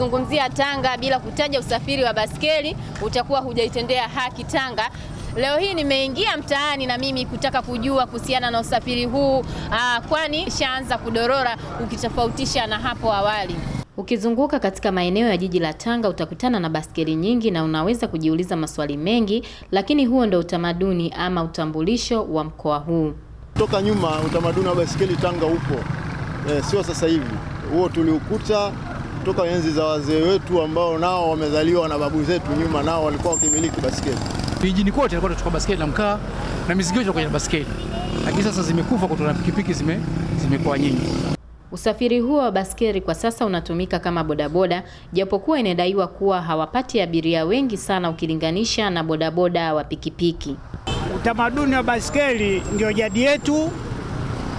Zungumzia Tanga bila kutaja usafiri wa baskeli, utakuwa hujaitendea haki Tanga. Leo hii nimeingia mtaani na mimi kutaka kujua kuhusiana na usafiri huu aa, kwani ishaanza kudorora ukitofautisha na hapo awali. Ukizunguka katika maeneo ya jiji la Tanga utakutana na baskeli nyingi na unaweza kujiuliza maswali mengi, lakini huo ndio utamaduni ama utambulisho wa mkoa huu. Toka nyuma utamaduni wa baskeli Tanga upo e, sio sasa hivi, huo tuliukuta toka enzi za wazee wetu ambao nao wamezaliwa na babu zetu nyuma, nao walikuwa wakimiliki baskeli. Vijijini kote alikuwa tunachukua baskeli na mkaa na mizigo yote kwenye baskeli, lakini sasa zimekufa kutokana na pikipiki zime zimekuwa nyingi. Usafiri huo wa baskeli kwa sasa unatumika kama bodaboda, japokuwa inadaiwa kuwa hawapati abiria wengi sana ukilinganisha na bodaboda wa pikipiki. Utamaduni wa baskeli ndio jadi yetu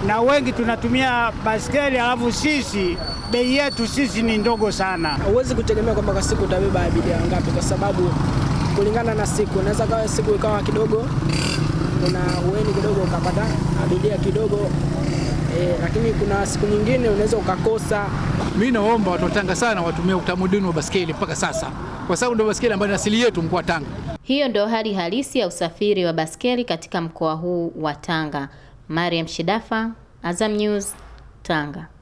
na wengi tunatumia baskeli alafu sisi bei yetu sisi ni ndogo sana. Huwezi kutegemea kwamba kwa siku utabeba abiria wangapi, kwa sababu kulingana na siku, unaweza kawa siku ikawa kidogo una ueni kidogo ukapata abiria kidogo e, lakini kuna siku nyingine unaweza ukakosa. Mimi naomba watu wa Tanga sana watumie utamaduni wa baskeli mpaka sasa, kwa sababu ndio baskeli ambayo ni asili yetu mkoa wa Tanga. Hiyo ndio hali halisi ya usafiri wa baskeli katika mkoa huu wa Tanga. Mariam Shidafa, Azam News, Tanga.